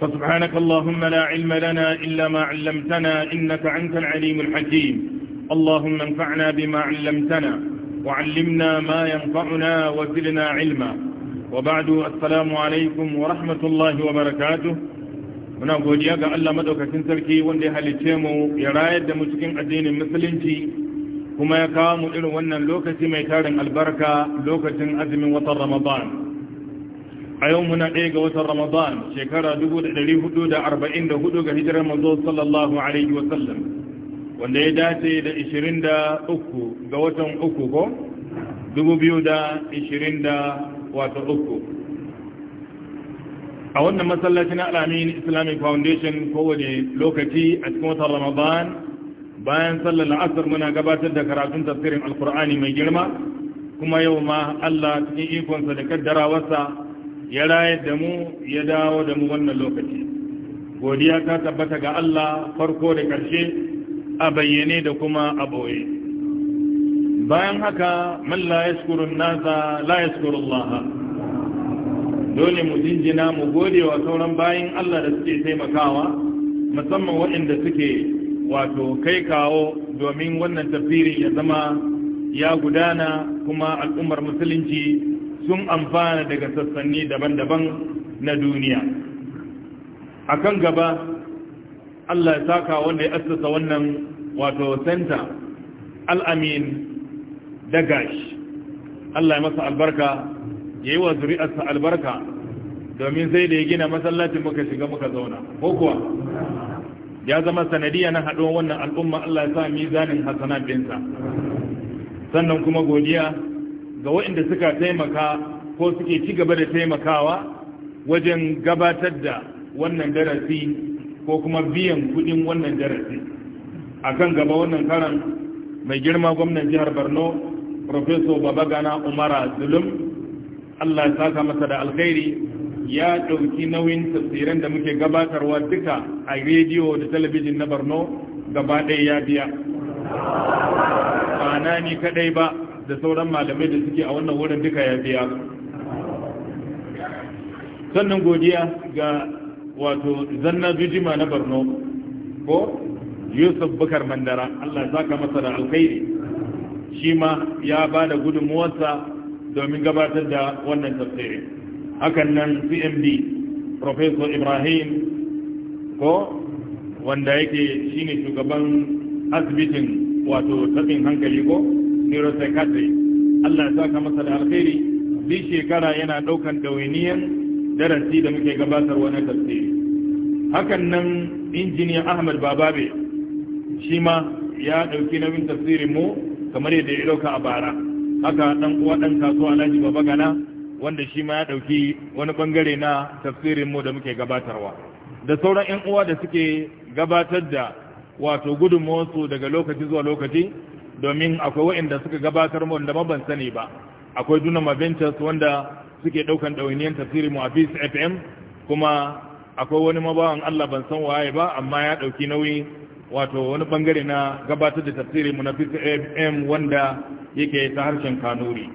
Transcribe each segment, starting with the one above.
فسبحانك اللهم لا علم لنا إلا ما علمتنا إنك أنت العليم الحكيم اللهم انفعنا بما علمتنا وعلمنا ما ينفعنا وزلنا علما وبعد السلام عليكم ورحمة الله وبركاته muna godiya ga Allah madaukakin sarki wanda ya halicce mu ya rayar da mu cikin addinin musulunci kuma ya kawo mu irin wannan lokaci mai tarin albarka lokacin azumin watan Ramadan a yau muna ɗaya ga watan ramadan shekara 444 ga hijirar manzo sallallahu alaihi wasallam wanda ya dace da 23 ga watan uku ko 2023 a wannan masallaci na alamin islamic foundation kowane lokaci a cikin watan ramadan bayan sallar asar muna gabatar da karatun tafsirin alkur'ani mai girma kuma yau ma allah cikin ikonsa da kaddarawarsa ya rayar da mu ya dawo da mu wannan lokaci godiya ta tabbata ga Allah farko da ƙarshe a bayyane da kuma a ɓoye bayan haka man la yashkurun nasa la laha. dole mu jinjina mu gode wa sauran bayan Allah da suke taimakawa musamman waɗanda suke wato kai kawo domin wannan tafsirin ya zama ya gudana kuma al'ummar musulunci sun amfana daga sassanni daban-daban na duniya A kan gaba Allah ya saka wanda ya assasa wannan wato center, al'amin da gashi Allah ya masa albarka ya yi wa zuri'arsa albarka domin sai da ya gina masallacin muka shiga muka zauna ko kuwa ya zama sanadiyya na haɗuwa wannan al'umma Allah ya sa mizanin hasanat ɗinsa sannan kuma godiya ga waɗanda suka taimaka ko suke ci gaba da taimakawa wajen gabatar da wannan darasi ko kuma biyan kudin wannan darasi a kan gaba wannan karan mai girma gwamnan jihar borno professor babagana umara zulum allah ya saka masa da alkhairi ya ɗauki nauyin tafsirin da muke gabatarwa duka a rediyo da talabijin na borno gaba ɗaya ya biya ba na ni kaɗai ba da sauran malamai da suke a wannan wurin duka ya biya sannan godiya ga wato zanna jujima na borno ko yusuf bukar mandara allah zaka masa da alkhairi shi ma ya ba da gudunmuwarsa domin gabatar da wannan tafsiri hakan nan cmd professor ibrahim ko wanda yake shine shugaban asibitin wato tafin hankali ko neuropsychiatry Allah ya saka masa da alkhairi bi shekara yana daukan dawainiyar darasi da muke gabatarwa na tafsiri hakan nan injiniya Ahmad Bababe shi ma ya dauki nauyin tafsirin mu kamar yadda ya dauka a bara haka dan uwa dan kasuwa Alhaji Babagana wanda shi ma ya dauki wani bangare na tafsirin mu da muke gabatarwa da sauran yan uwa da suke gabatar da wato gudunmawarsu daga lokaci zuwa lokaci domin akwai wa'inda suka gabatar mu wanda ban sani ba akwai duna Ventures wanda suke ɗaukan ɗawainiyar tafsirin mu a FM kuma akwai wani mabawan Allah ban san waye ba amma ya ɗauki nauyi wato wani bangare na gabatar da tafsirin mu na Peace FM wanda yake ta harshen Kanuri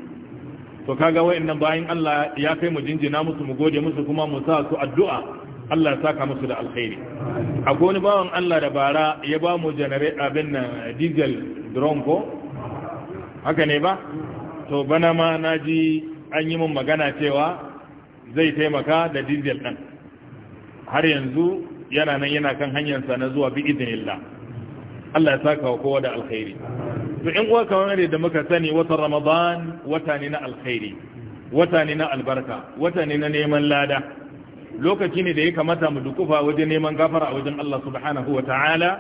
to kaga waɗannan bayan Allah ya kai mu jinjina musu mu gode musu kuma mu sa su addu'a Allah ya saka musu da alkhairi A wani bawan Allah da bara ya ba mu janare abin nan diesel drone ko haka ne ba to bana ma na ji an yi mun magana cewa zai taimaka da diesel ɗan. har yanzu yana nan yana kan hanyarsa na zuwa bi izinillah Allah ya saka wa kowa da alkhairi to in uwa kamar da muka sani watan Ramadan wata ne na alkhairi wata ne na albarka wata ne na neman lada lokaci ne da ya kamata mu dukufa wajen neman gafara a wajen Allah subhanahu wa ta'ala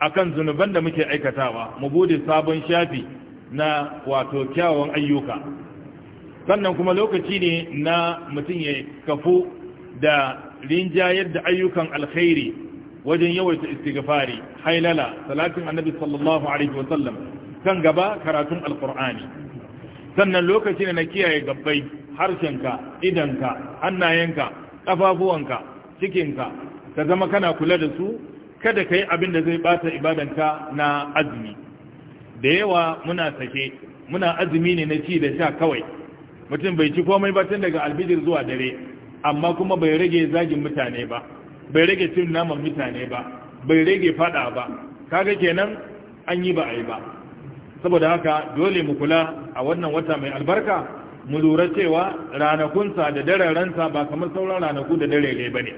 akan zunuban da muke aikatawa mu bude sabon shafi na wato kyawawan ayyuka sannan kuma lokaci ne na mutum ya kafu da rinjayar da ayyukan alkhairi wajen yawaita istighfari hailala salatin annabi sallallahu alaihi wa sallam kan gaba karatun alqur'ani sannan lokaci ne na kiyaye gabbai harshenka idanka hannayenka ƙafafuwanka cikinka ka zama kana kula da su kada ka yi abin da zai bata ibadanka na azumi da yawa muna sake muna azumi ne na ci da sha kawai mutum bai ci komai ba tun daga albijir zuwa dare amma kuma bai rage zagin mutane ba bai rage cin naman mutane ba bai rage fada ba kaga kenan an yi ba a yi ba saboda haka dole mu kula a wannan wata mai albarka mu lura cewa ranakunsa da dararensa ba kamar sauran ranaku da darere ba ne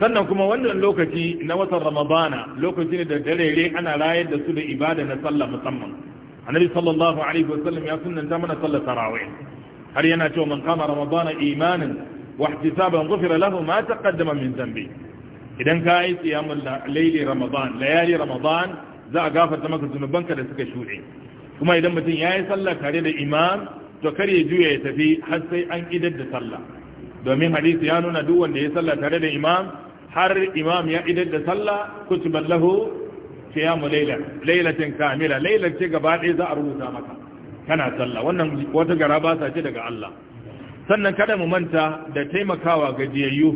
sannan kuma wannan lokaci na watan ramadana lokaci ne da darere ana rayar da su da ibada na sallah musamman annabi sallallahu alaihi wasallam ya sunnanta mana sallar tarawih har yana cewa man kama ramadana imanin wa ihtisaban ghufira lahu ma taqaddama min dhanbi idan ka yi siyamul layli ramadan layali ramadan za a gafarta maka zunubanka da suka shuɗe kuma idan mutum ya yi sallah tare da imam to kar ya juya ya tafi har sai an idar da sallah domin hadisi ya nuna duk wanda ya sallah tare da imam har imam ya idar da sallah kutiban lahu mu layla laylatin kamila laylar ce gaba ɗaya za a rubuta maka kana sallah wannan wata garaba ce daga Allah sannan kada mu manta da taimakawa gajiyayyu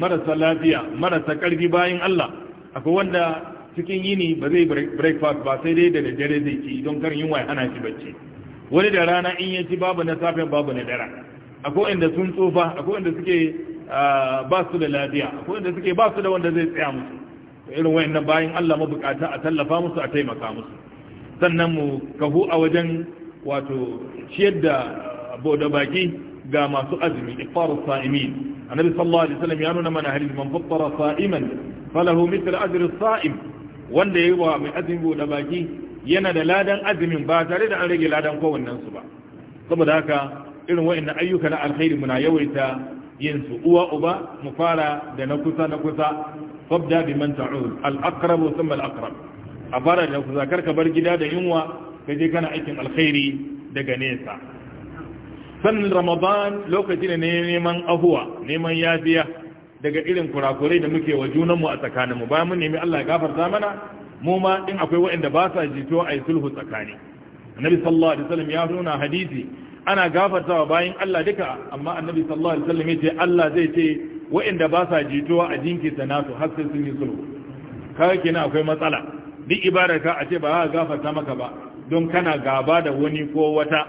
marasa lafiya marasa ƙarfi bayan Allah akwai wanda cikin yini ba zai breakfast ba sai dai da dare zai ci don kar yin ya ana shi bacci wani da rana in yanci babu na safen babu na dara akwai inda sun tsufa akwai inda suke ah, ba su da lafiya akwai inda suke ba su da wanda zai tsaya musu irin wayannan bayan Allah mabukata a tallafa musu a taimaka musu sannan mu kahu a wajen wato ciyar da boda baki ga masu azumi ifaru sa'imin annabi sallallahu alaihi wasallam ya nuna mana hadith man fattara sa'iman falahu mithlu ajri as-sa'im wanda yayi wa mai azumi boda baki yana da ladan azumin ba tare da an rage ladan kowannen su ba saboda haka irin wa'annan ayyuka na alkhairi muna yawaita yin su uwa uba mu fara da na kusa na kusa fabda bi man ta'ud al aqrab thumma al aqrab a fara da kusa karka bar gida da yunwa ka je kana aikin alkhairi daga nesa sannan ramadan lokaci ne neman ahuwa neman yafiya daga irin kurakurai da muke wa junanmu a tsakaninmu bayan mun nemi Allah ya gafarta mana mu ma din akwai waɗanda ba sa jito a sulhu tsakani annabi sallallahu alaihi wasallam ya nuna hadisi ana gafartawa bayan Allah duka amma annabi sallallahu alaihi wasallam yace Allah zai ce waɗanda ba sa jito a jinkirta nasu har sai sun yi sulhu kai kina akwai matsala duk ka a ce ba za gafarta maka ba don kana gaba da wani ko wata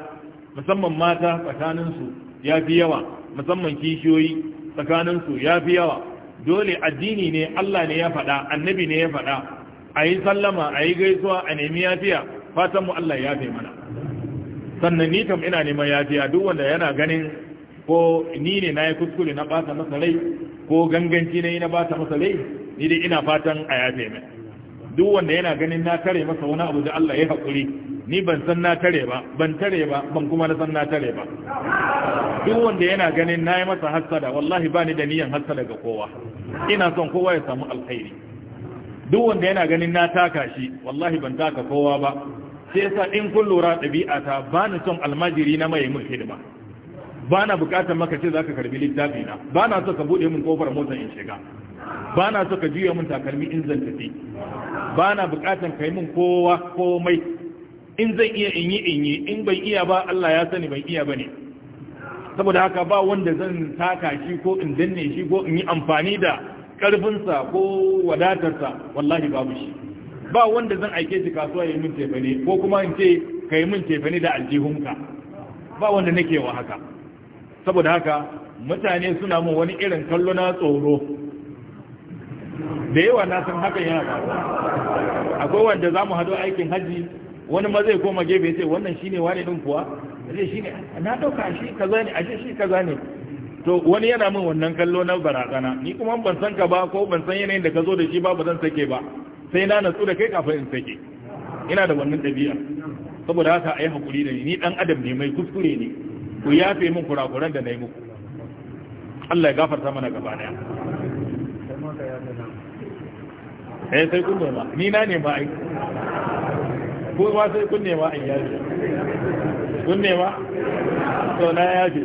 musamman mata tsakaninsu ya fi yawa musamman kishiyoyi tsakaninsu ya fi yawa dole addini ne Allah ne ya faɗa annabi ne ya faɗa a yi sallama a yi gaisuwa a nemi yafiya fatan mu Allah ya mana sannan ni kam ina neman yafiya duk wanda yana ganin ko ni ne na yi kuskure na bata masa rai ko ganganci na yi na bata masa rai ni dai ina fatan a yafe mai duk wanda yana ganin na tare masa wani abu da Allah ya haƙuri ni ban san na tare ba ban tare ba ban kuma na san na tare ba duk wanda yana ganin na yi masa hassada wallahi ba ni da niyan hassada ga kowa ina son kowa ya samu alkhairi duk wanda yana ganin na taka shi wallahi ban taka kowa ba sai yasa in kun lura ɗabi'ata ba ni son almajiri na mai mun hidima ba na bukatar maka ce za karbi littafi na ba na so ka buɗe min kofar motar in shiga ba na so ka juya mun takalmi in zan tafi ba na bukatar kai min kowa komai in zan iya in yi in yi in ban iya ba Allah ya sani ban iya bane saboda haka ba wanda zan taka shi ko in danne shi ko in yi amfani da karfinsa ko wadatarsa wallahi babu shi ba wanda zan aike shi kasuwa ya yi min tefane ko kuma in ce ka yi min tefane da aljihunka ba wanda nake wa haka saboda haka mutane suna mun wani irin kallo na tsoro da yawa na san hakan yana ba akwai wanda za mu hado aikin hajji wani ma zai koma gefe ce wannan shine wani din kuwa zai shine na dauka shi kaza ne ashe shi kaza ne to wani yana min wannan kallo na barazana ni kuma ban san ka ba ko ban san yanayin da ka zo da shi ba ba zan sake ba sai na natsu da kai kafin in sake ina da wannan ɗabi'a saboda haka a yi hakuri da ni ni ɗan adam ne mai kuskure ne ku yafe min kurakuran da na yi muku Allah ya gafarta mana gaba daya eh sai kun nema ni na ne ba ai ko ma sai kun nema an yaji kun nema to na yaji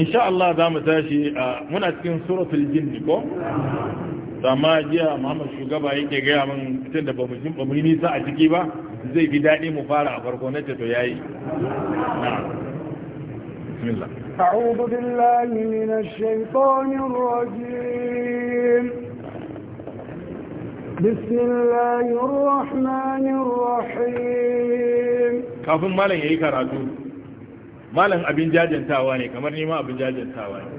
insha Allah za mu tashi muna cikin suratul jinn ko amma jiya Muhammad shugaba yake gaya mun tun da bamu jin bamu nisa a ciki ba zai fi daɗi mu fara a farko na to yayi bismillah أعوذ بالله من الشيطان الرجيم بسم الله الرحمن الرحيم kafin malam yayi karatu malam abin jajantawa ne kamar ma abin jajantawa ne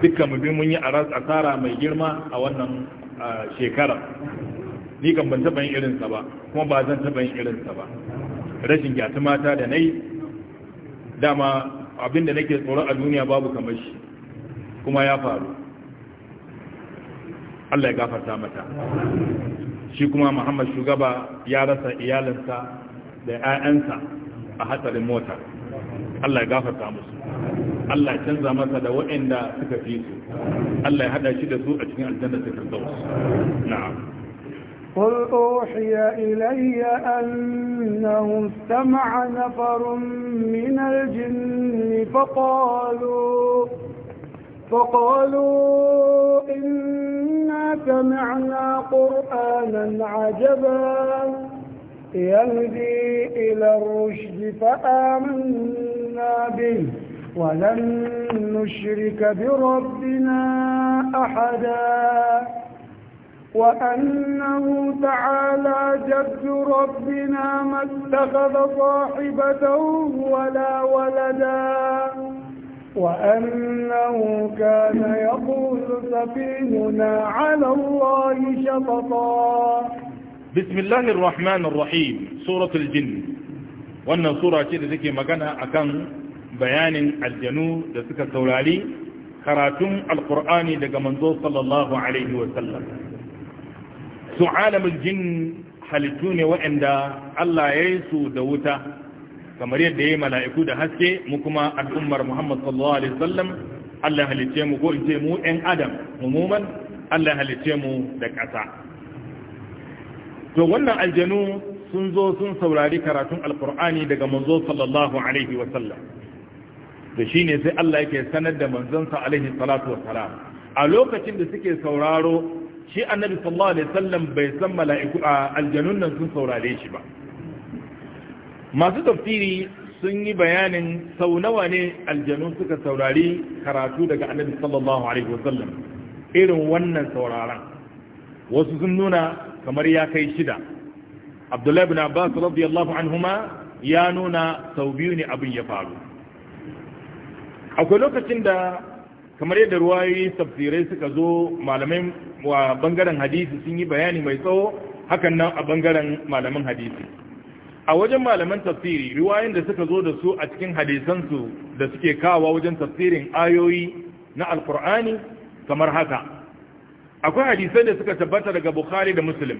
dukkan mu bi mun yi asara mai girma a wannan shekara ni kan ban taɓa yin irinsa ba kuma ba zan taɓa yin irinsa ba rashin gyatu mata da nayi dama abinda nake tsoro a duniya babu kamar shi kuma ya faru Allah ya gafarta mata shi kuma Muhammad shugaba ya rasa iyalansa da ƴaƴansa a hatsarin mota Allah ya gafarta musu Allah ya canza masa da waɗanda suka fi su Allah ya hada shi da su a cikin aljanna ta firdaus na'am قل أوحي إلي أنه استمع نفر من الجن فقالوا فقالوا إنا سمعنا قرآنا عجبا يهدي إلى الرشد فآمنا به ولن نشرك بربنا أحدا وأنه تعالى جد ربنا ما اتخذ صاحبته ولا ولدا وأنه كان يقول سفيننا على الله شططا بسم الله الرحمن الرحيم سورة الجن wannan sura ce da take magana akan bayanin aljanu da suka saurari karatun alkur'ani daga manzo sallallahu alaihi wasallam su alamul jin halittu ne waɗanda Allah ya yi su da wuta kamar yadda ya yi mala'iku da haske mu kuma al'ummar muhammad sallallahu alaihi wasallam Allah halice mu ko in ce mu ɗan adam umuman Allah halice mu da ƙasa to wannan aljanu sun zo sun saurari karatun alkur'ani daga manzo sallallahu alaihi wasallam to shine sai Allah yake sanar da manzonsa alaihi salatu wassalam a lokacin da suke sauraro shi annabi sallallahu alaihi wasallam bai san mala'iku aljanun nan sun saurare shi ba masu tafsiri sun yi bayanin sau nawa ne aljanu suka saurari karatu daga annabi sallallahu alaihi wasallam irin wannan sauraron wasu sun nuna kamar ya kai shida abdullahi bin abbas radiyallahu anhuma ya nuna sau biyu ne abin ya faru akwai lokacin da kamar yadda ruwayoyi tafsirai suka zo malamai wa bangaren hadisi sun yi bayani mai tsawo hakan nan a bangaren malamin hadisi a wajen malaman tafsiri riwayoyin da suka zo da su a cikin hadisansu da suke kawo wajen tafsirin ayoyi na alkur'ani kamar haka akwai hadisai da suka tabbata daga bukhari da muslim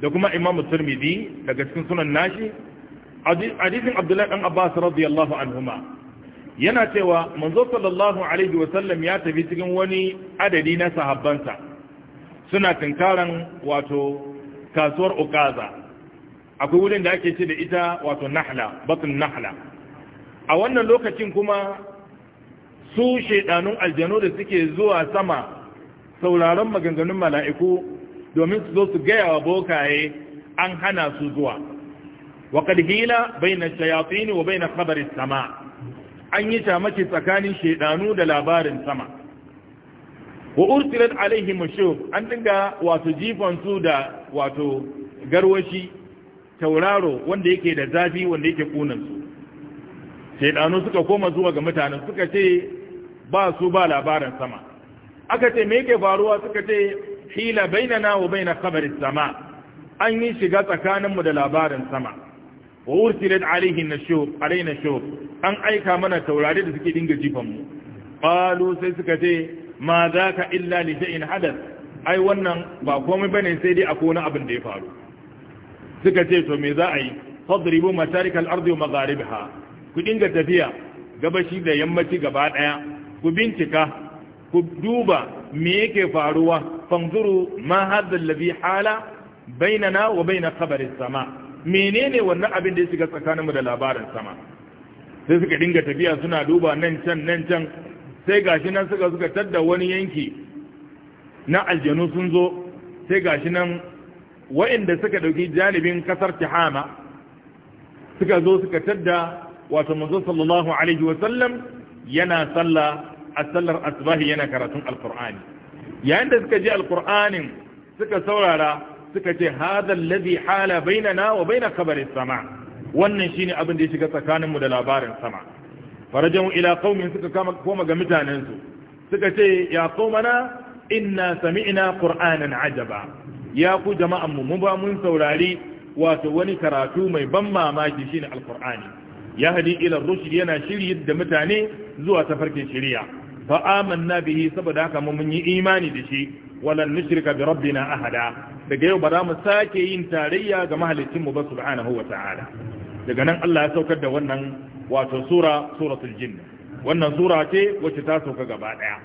da kuma imamu turmidi daga cikin sunan nashi hadisin abdullahi dan abbas radiyallahu anhuma yana cewa manzo sallallahu alaihi wasallam ya tafi cikin wani adadi na sahabbansa suna tinkaran wato kasuwar ukaza akwai wurin da ake ce da ita wato nahla batun nahla a wannan lokacin kuma su shaidanun aljanu da suke zuwa sama sauraron maganganun mala'iku domin su zo su gaya wa bokaye an hana su zuwa waƙad hila bai na shayafini wa bai na sama an yi mace tsakanin shaidanu da labarin sama wa ursilat alaihi mashub an dinga wato jifansu da wato garwashi tauraro wanda yake da zafi wanda yake kunansu shaidanu suka koma zuwa ga mutanen suka ce ba su ba labarin sama aka ce me yake faruwa suka ce hila na wa baina khabaris sama an yi shiga tsakaninmu da labarin sama wa ursilat alaihi nashur alayna shur an aika mana taurari da suke dinga jifan mu qalu sai suka ce ma zaka illa li shay'in hadath ai wannan ba komai bane sai dai akwai wani abin da ya faru suka ce to me za a yi fadribu matarik al-ardi wa magharibha ku dinga tafiya gabashi da yammaci gaba daya ku bincika ku duba me yake faruwa fanzuru ma hadha alladhi hala bainana wa bainal khabar as-sama menene wannan abin da ya shiga mu da labarin sama sai suka dinga tafiya suna duba nan can nan can sai gashi nan suka suka tadda wani yanki na aljanu sun zo sai gashi nan wa'inda suka dauki janibin kasar Tihama suka zo suka tadda wato manzo sallallahu alaihi wa sallam yana salla a sallar asbahi yana karatun alqur'ani yayin da suka ji alqur'anin suka saurara suka ce hadha alladhi hala bainana wa baina khabar sama wannan shine abin da ya shiga tsakaninmu da labarin sama farajan ila qaumin suka koma ga mutanensu suka ce ya qaumana inna sami'na qur'anan ajaba ya ku jama'an mu mu ba mun saurari wato wani karatu mai ban mamaki shine alqur'ani ya hadi ila rushd yana shiri da mutane zuwa tafarkin shari'a fa amanna bihi saboda haka mun yi imani da shi walan nushrika bi rabbina ahada daga yau ba za mu sake yin tarayya ga mu ba subhanahu wa ta'ala daga nan Allah ya saukar da wannan wato sura suratul jinn wannan sura ce wacce ta sauka gaba daya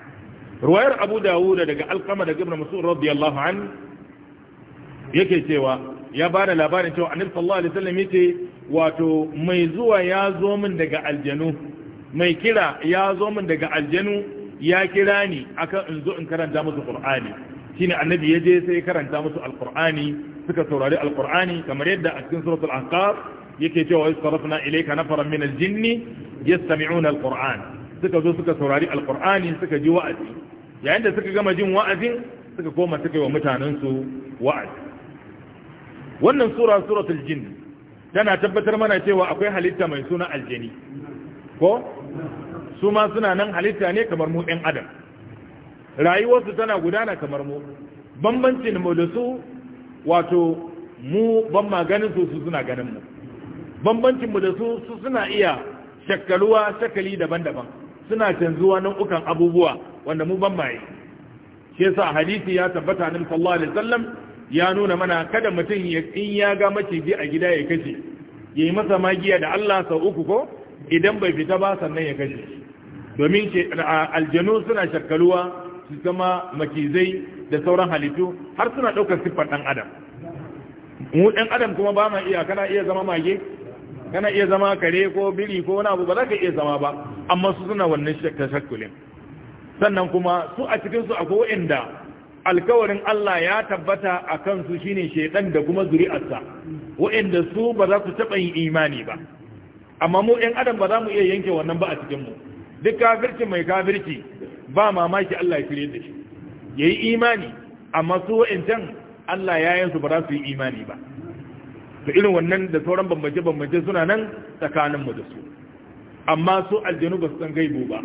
ruwayar Abu Dawud daga Alqama daga Ibn Mas'ud radiyallahu an yake cewa ya ba da labarin cewa annabi sallallahu alaihi wasallam yace wato mai zuwa ya zo min daga aljanu mai kira ya zo min daga aljanu ya kira ni akan in zo in karanta musu qur'ani shine annabi ya je sai karanta musu alqur'ani suka saurari alqur'ani kamar yadda a cikin suratul ahqaf yake cewa istarafna ilayka nafaran min aljinni yastami'una alqur'an suka zo suka saurari alqur'ani suka ji wa'azi yayin da suka gama jin wa'azin suka koma suka yi wa mutanensu wa'azi wannan sura suratul jinn tana tabbatar mana cewa akwai halitta mai suna aljani ko su ma suna nan halitta ne kamar mu ɗan adam rayuwarsu tana gudana kamar mu bambancin mu da su wato mu ban maganin su su suna ganin mu bambancin mu da su su suna iya shakkaluwa shakali daban-daban suna canzuwa ukan abubuwa wanda mu ban maye shi yasa hadisi ya tabbata nan sallallahu alaihi wasallam ya nuna mana kada mutum in ya ga maciji a gida ya kashe ya yi masa magiya da Allah sau uku ko idan bai fita ba sannan ya kashe domin aljanu suna shakaluwa su zama macizai da sauran halittu har suna ɗaukar siffar ɗan adam mu ɗan adam kuma ba ma iya kana iya zama mage kana iya zama kare ko biri ko wani abu ba za ka iya zama ba amma su suna wannan shakulin sannan kuma su a cikinsu akwai waɗanda alkawarin Allah ya tabbata a kansu shi ne shaidan da kuma zuri'arsa waɗanda su ba za su taɓa yin imani ba amma mu ɗan adam ba za mu iya yanke wannan ba a cikinmu duk kafirci mai kafirci ba mamaki Allah ya fire da shi ya yi imani amma su wa'incan Allah ya yansu ba za su yi imani ba to irin wannan da sauran bambance-bambance suna nan tsakaninmu da su amma su aljanu ba su san gaibu ba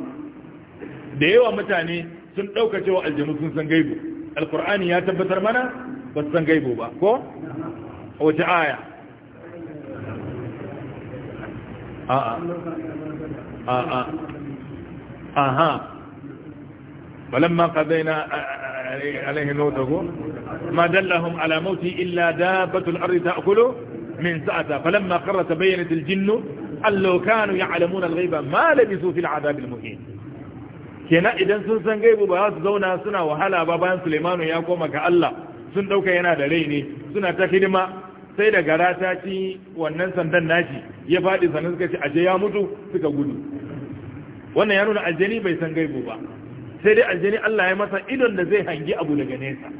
da yawa mutane sun ɗauka cewa aljanu sun san gaibu القرآن يا tabbatar mana بس san gaibo ba ko آه آه آه a'a آه. آه، فلما قضينا آه، عليه موته ما دلهم على موتي إلا دابة الأرض تأكله من سأتا فلما قرت بينت الجن أن لو كانوا يعلمون الغيب ما لبثوا في العذاب المهين kenan idan sun san gaibu ba za su zauna suna wahala ba bayan Sulemanu ya koma ga Allah sun dauka yana da rai ne suna ta hidima sai da gara ta ci wannan sandan naci ya faɗi sannan suka ce aje ya mutu suka gudu wannan ya nuna aljani bai san gaibu ba sai dai aljani Allah ya masa idon da zai hangi abu daga nesa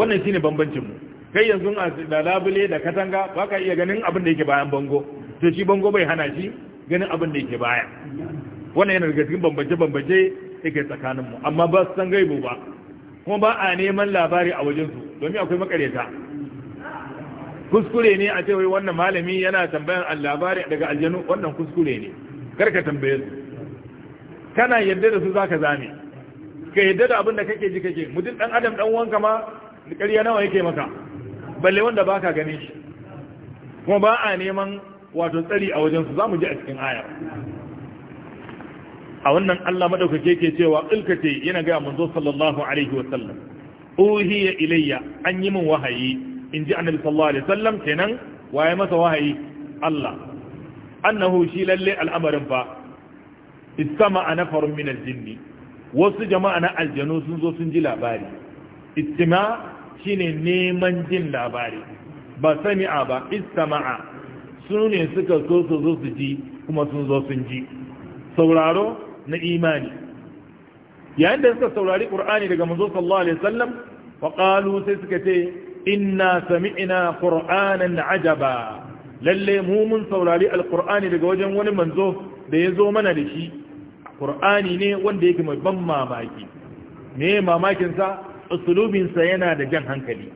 wannan shine bambancin mu kai yanzu a da labule da katanga baka iya ganin abin da yake bayan bango to shi bango bai hana shi ganin abin da yake baya wannan yana daga cikin bambance-bambance yake tsakaninmu amma ba su san gaibu ba kuma ba a neman labari a wajensu domin akwai makareta kuskure ne a wai wannan malami yana tambayar labari daga aljanu wannan kuskure ne karka tambaye su kana yadda da su zaka zame ka yadda da abin da kake ji kake mutum dan adam dan wanka ma ƙarya nawa yake maka balle wanda baka gane shi kuma ba a neman wato tsari a wajen su zamu ji a cikin ayar. a wannan Allah madaukake yake cewa ilkace yana ga manzo sallallahu alaihi wa sallam uhiya ilayya an yi min wahayi inji annabi sallallahu alaihi wasallam kenan waye masa wahayi Allah annahu shi lalle al'amarin fa istama'a nafarun min al wasu jama'a na aljanu sun zo sun ji labari istima shine neman jin labari ba sami'a ba istama'a su ne suka so su zo su ji kuma sun zo sun ji sauraro na imani yayin da suka saurari Kur'ani daga manzo sallallahu alaihi wasallam fa qalu sai suka ce inna sami'na qur'anan ajaba lalle mu mun saurari alqur'ani daga wajen wani manzo da yazo mana da shi qur'ani ne wanda yake mai ban mamaki me mamakin sa usulubin sa yana da jan hankali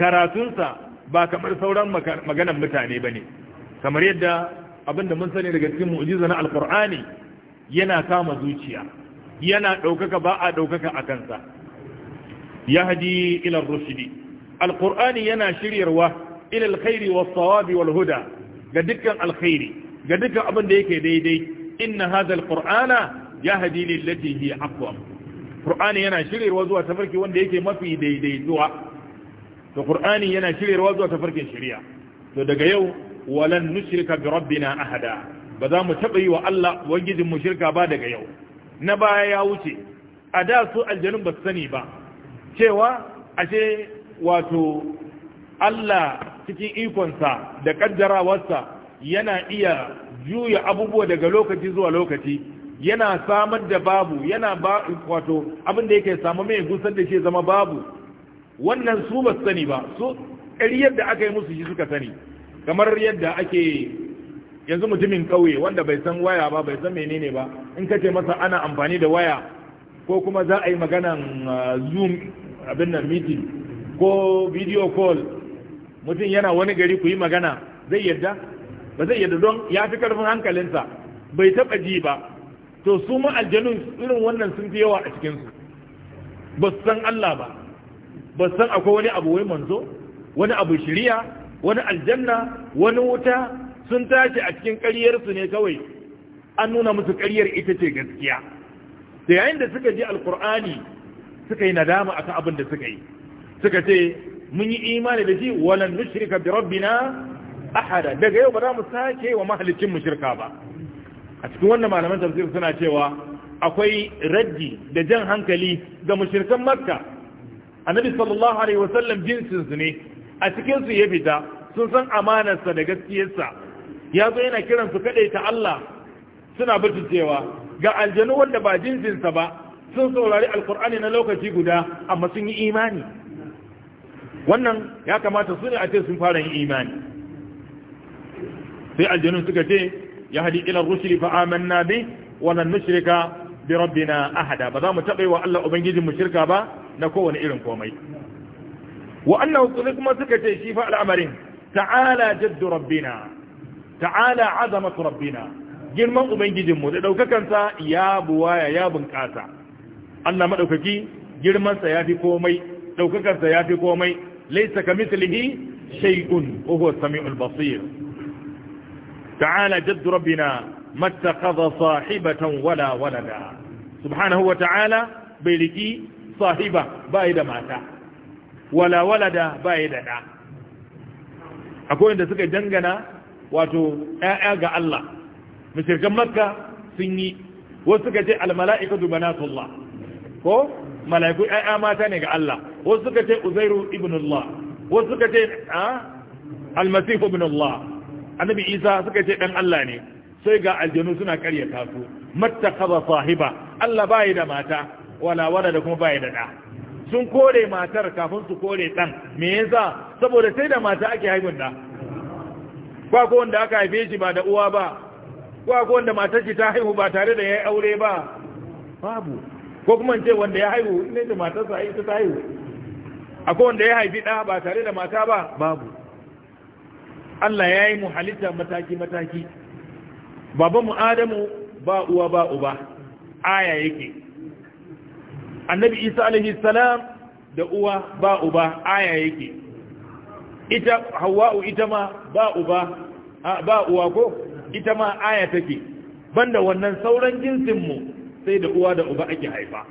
karatun sa ba kamar sauran maganan mutane bane kamar yadda abinda mun sani daga cikin mu'jiza na alqur'ani yana kama zuciya yana ɗaukaka ba a ɗaukaka a kansa ya haji ilar rushidi alƙur'ani yana shiryarwa ilal khairi wa sawabi wal huda ga dukkan alkhairi ga dukkan abin da yake daidai inna hadha alqur'ana yahdi lillati hi aqwam Ƙur'ani yana shiryarwa zuwa tafarki wanda yake mafi daidai zuwa. to ƙur'ani yana shiryarwa zuwa tafarkin shari'a to daga yau walan nushrika bi rabbina ahada ba za mu taɓa yi wa Allah mu shirka ba daga yau na baya ya wuce a da su aljanun ba su sani ba cewa ashe wato Allah cikin ikonsa da kaddarawarsa yana iya juya abubuwa daga lokaci zuwa lokaci yana samar da babu yana ba wato abin da yake samu mai gusar da shi zama babu wannan su ba su sani ba su ƙaryar da aka yi musu shi suka sani kamar yadda ake yanzu mutumin kauye wanda bai san waya ba bai san menene ba in ka ce masa ana amfani da waya ko kuma za a yi maganan uh, zoom abin nan meeting ko video call mutum yana wani gari ku yi magana zai yadda ba zai yadda don ya fi karfin hankalinsa bai taba ji ba to su ma aljanun irin wannan sun fi yawa a cikinsu ba su san Allah ba ba su san akwai wani abu wai manzo wani abu shiriya wani aljanna wani wuta sun tashi a cikin ƙaryarsu ne kawai an nuna musu ƙaryar ita ce gaskiya da yayin da suka ji alkur'ani suka yi nadama akan abin da suka yi suka ce mun yi imani da shi walan nushrika bi rabbina ahada daga yau ba za mu sake wa mahalicin mu ba a cikin wannan malaman tafsir suna cewa akwai raddi da jan hankali ga mushrikan makka annabi sallallahu alaihi wasallam jinsin su ne a cikin su ya fita sun san amanarsa da gaskiyarsa ya zo yana kiran su ta Allah suna cewa ga aljanu wanda ba jinsinsa ba sun saurari alkur'ani na lokaci guda amma sun yi imani wannan ya kamata su ne a ce sun fara yin imani sai aljanun suka ce ya haɗi ila rusuli fa amanna bi wa lan bi rabbina ahada ba za mu taɓa wa Allah ubangijin mu shirka ba na kowane irin komai wa annahu kuma suka ce shi fa al'amarin ta'ala jaddu rabbina ta'ala azamatu rabbina girman ubangijinmu da daukakansa ya buwaya ya bunƙasa Allah madaukaki girmansa ya fi komai daukakansa ya fi komai laysa kamithlihi shay'un wa huwa samiul basir ta'ala jaddu rabbina mattakhadha sahibatan wala walada subhanahu wa ta'ala bai riki sahiba bai da mata wala walada bai da da akwai wanda suka dangana wato yaya ga Allah mushrikan makka sun yi wasu suka ce al mala'ikatu sunla ko mala'iku ƴaƴa mata ne ga Allah wasu suka ce uzairu ibn Allah wasu suka ce al masih ibn Allah annabi Isa suka ce dan Allah ne sai ga aljanu suna karya su mattakhadha sahiba Allah bai da mata wala wala da kuma bai da da sun kore matar kafin su kore dan me yasa saboda sai da mata ake haihun da ba ko wanda aka haife shi ba da uwa ba ba ko wanda matar shi ta haihu ba tare da ya yi aure ba babu ko kuma ce wanda ya haihu ne da matarsa a ita ta haihu akwai wanda ya haifi ɗa ba tare da mata ba babu Allah ya yi mu halitta mataki-mataki babanmu adamu ba uwa ba uba aya yake annabi isa alaihi salam da uwa ba uba aya yake ita hawa'u ita ma ba uba ba uwa ko ita ma aya take banda wannan sauran jinsin mu sai da uwa da uba ake haifa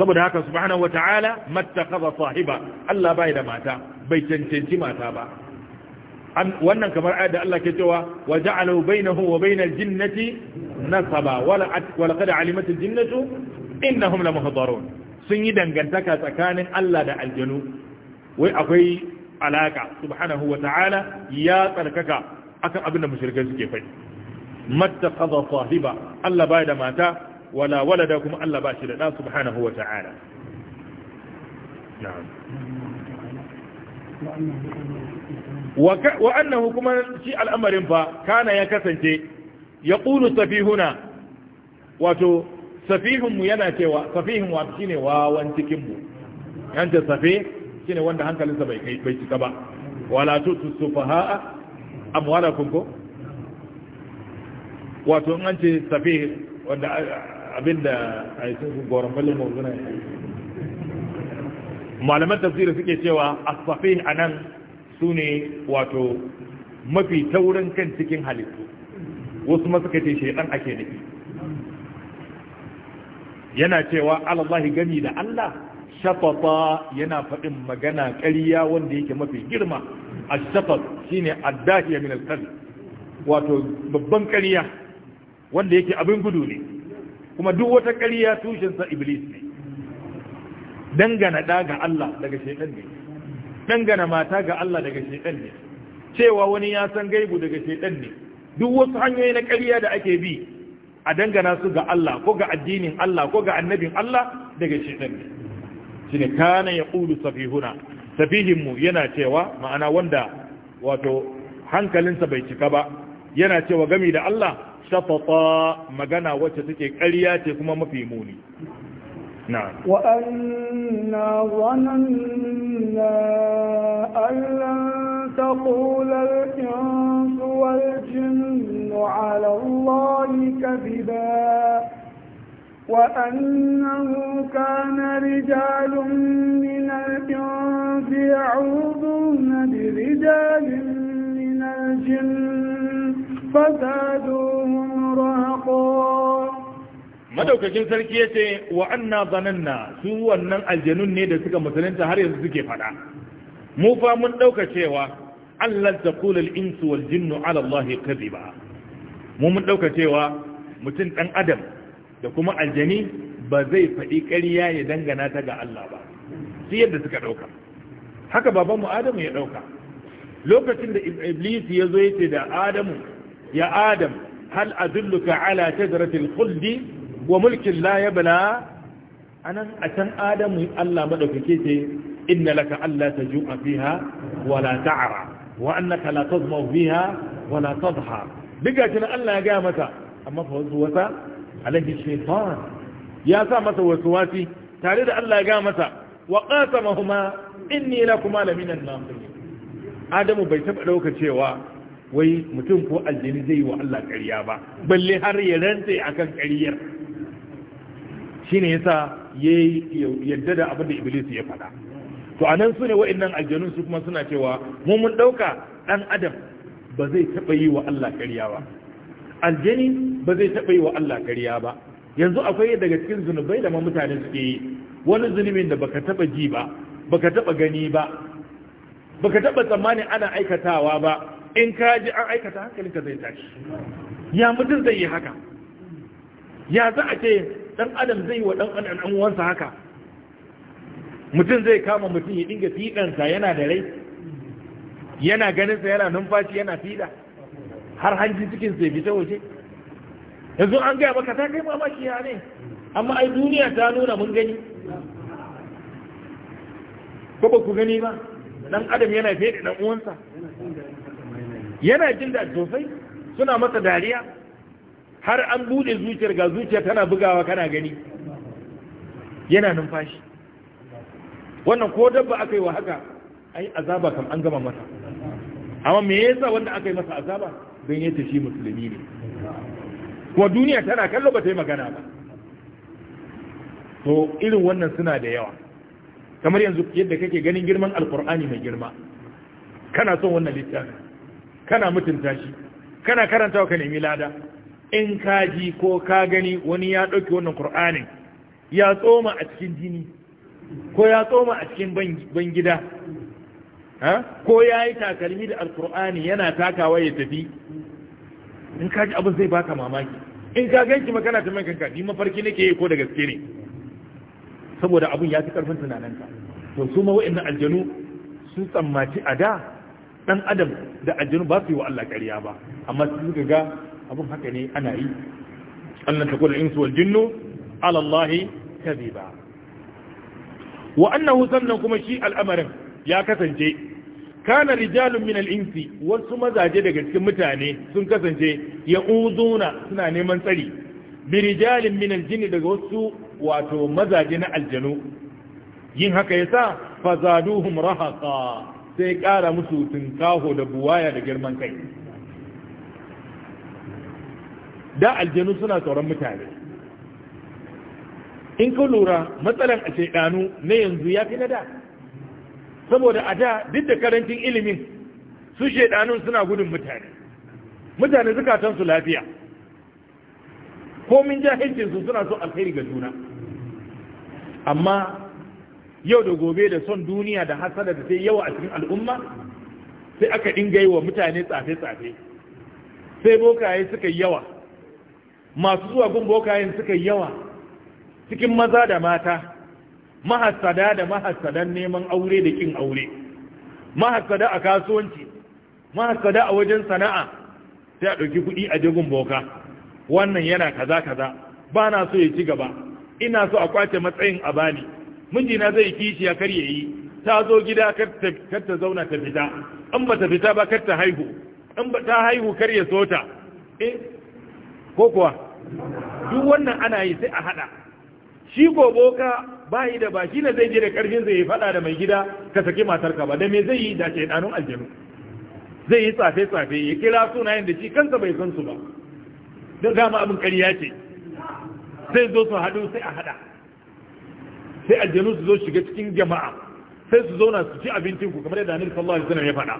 saboda haka subhanahu wataala mattaqaba sahiba Allah bai da mata bai cancanci mata ba wannan kamar ayat da Allah ke cewa wa ja'alu bainahu wa bainal jinnati nasaba wala wala qad alimat al jinnatu innahum lamuhdarun sun yi dangantaka tsakanin Allah da aljanu wai akwai alaka subhanahu wa ta'ala ya tsarkaka akan abin da mushrikai suke faɗi mattaqadha sahiba Allah bai da mata wala walada kuma Allah ba shi da da subhanahu wa ta'ala na'am wa annahu kuma shi al'amarin fa kana ya kasance ya yaqulu safihuna wato safihun mu yana cewa safihun wa shine wawan cikin mu yanta safih ne wanda hankalinsa bai kai bai cika ba wala tutu sufaha amwalakum ko wato in an ce safi wanda abinda ai sun goran ballin mawzuna malaman tafsiri suke cewa asfafi safih anan sune wato mafi taurin kan cikin halittu wasu ma suka ce shaytan ake nufi yana cewa alallahi gami da Allah shafafa yana faɗin magana ƙarya wanda yake mafi girma A shi ne a addahiya min alqalb wato babban ƙarya wanda yake abin gudu ne kuma duk wata ƙarya tushensa iblis ne dangana ɗa ga Allah daga shekar ne dangana mata ga Allah daga shekar ne cewa wani ya san gaibu daga shekar ne duk wasu hanyoyi na ƙarya da ake bi a dangana su ga Allah ko ga addinin Allah ko ga annabin Allah daga shekar ne shine kana yaqulu safihuna safihinmu yana cewa ma'ana wanda wato hankalinsa bai cika ba yana cewa gami da Allah shafafa magana wacce take ƙarya ce kuma mafi muni na wa'anna anna allan ba. وأنه كان رجال من الإنس يعوذون برجال من الجن فزادوهم رهقا madaukakin sarki ya ce wa anna zananna su wannan aljanun ne da suka musulunta har yanzu suke fada mu fa mun dauka cewa Allah ta kula al-insu wal jinnu ala Allah kadhiba mu mun dauka cewa mutum dan adam da kuma aljani ba zai faɗi ƙarya ya dangana ta ga Allah ba sai yadda suka ɗauka haka babanmu adamu ya ɗauka lokacin da iblis ya zo yace da adamu ya adam hal adulluka ala tajratil khuldi wa mulkin la yabla anan a can adamu Allah madaukake ce inna laka alla tajua fiha wa la ta'ra wa annaka la tazma fiha wala la diga kin Allah ya ga mata amma fa wata alaihi shaitan ya sa masa wasu-wasi, tare da Allah ya ga masa wa qasamahuma inni lakuma laminan nasihin adamu bai taba dauka cewa wai mutum ko aljini zai yi wa Allah ƙarya ba balle har ya rantsa akan ƙaryar shine yasa yayi yadda da abin da iblis ya faɗa to anan su ne wa'annan aljanun su kuma suna cewa mu mun dauka dan adam ba zai taba yi wa Allah ƙarya ba aljani ba zai taɓa yi wa Allah kariya ba yanzu akwai daga cikin zunubai da mutane suke yi wani zunubin da baka taɓa ji ba baka taɓa gani ba baka taɓa tsammanin ana aikatawa ba in ka ji an aikata hankalinka zai tashi ya mutum zai yi haka ya za a ce ɗan adam zai yi wa ɗan adam uwansa haka mutum zai kama mutum ya dinga fiɗansa yana da rai yana ganinsa yana numfashi yana fiɗa har hanji cikin sai fita waje yanzu an gaya maka ta kai mamaki ya ne amma ai duniya ta nuna mun gani ko ba ku gani ba dan adam yana fede dan uwansa yana jin da sosai suna masa dariya har an bude zuciyar ga zuciya tana bugawa kana gani yana numfashi wannan ko dabba aka yi wa haka ai azaba kam an gama masa amma me yasa wanda aka yi masa azaba don yace shi musulmi ne kuwa duniya tana kallo ba ta yi magana ba to irin wannan suna da yawa kamar yanzu yadda kake ganin girman alkur'ani mai girma kana son wannan littafin kana mutunta shi kana wa ka nemi lada in ka ji ko ka gani wani ya ɗauki wannan Kur'anin? ya tsoma a cikin jini ko ya tsoma a cikin ban gida ko ya yi takalmi da alkur'ani yana takawa ya tafi in ka ji abin zai baka mamaki in ka ganki magana ta mai kanka ni mafarki nake yi ko da gaske ne saboda abin ya fi karfin tunaninka to su ma wa'annan aljanu sun tsammaci a da dan adam da aljanu ba su yi wa Allah ƙarya ba amma su suka ga abin haka ne ana yi Allah ta kula insu wal jinnu ala Allah kadhiba wa annahu sannan kuma shi al'amarin ya kasance kana rijalun min al-insi wasu mazaje daga cikin mutane sun kasance ya uzuna suna neman tsari bi rijalin min al daga wasu wato mazaje na aljanu yin haka yasa fazaduhum rahaqa sai kara musu tunkaho da buwaya da girman kai da aljanu suna tsoron mutane in ka lura matsalan a shaidanu na yanzu ya fi na da saboda a da duk da karancin ilimin su shaidanun suna gudun mutane mutane su lafiya komin jahilcinsu suna so alkhairi ga juna amma yau da gobe da son duniya da hasada da sai yawa a cikin al'umma sai aka dinga yi wa mutane tsafe-tsafe sai bokaye suka yawa masu zuwa gun bokayen suka yawa cikin maza da mata mahassada da mahassadan neman aure da kin aure mahassada a kasuwanci mahassada a wajen sana'a sai a ɗauki kuɗi a jigun boka wannan yana kaza kaza ba na so ya ci gaba ina so a kwace matsayin a bani mijina zai kishi ya karye yi ta zo gida kar ta zauna ta fita in ba ta fita ba kar ta haihu in ba ta haihu kar ya sota eh ko kuwa duk wannan ana yi sai a hada shi goboka ba yi da baki na zai je da karfin zai faɗa da mai gida ka saki matarka ba da me zai yi da ɗanun aljanu zai yi tsafe tsafe ya kira sunayen da shi kansa bai san su ba don dama abin ƙarya ce Sai zo su haɗu sai a haɗa sai aljanu su zo shiga cikin jama'a sai su zauna su ci abincin ku kamar yadda annabi sallallahu alaihi wasallam ya faɗa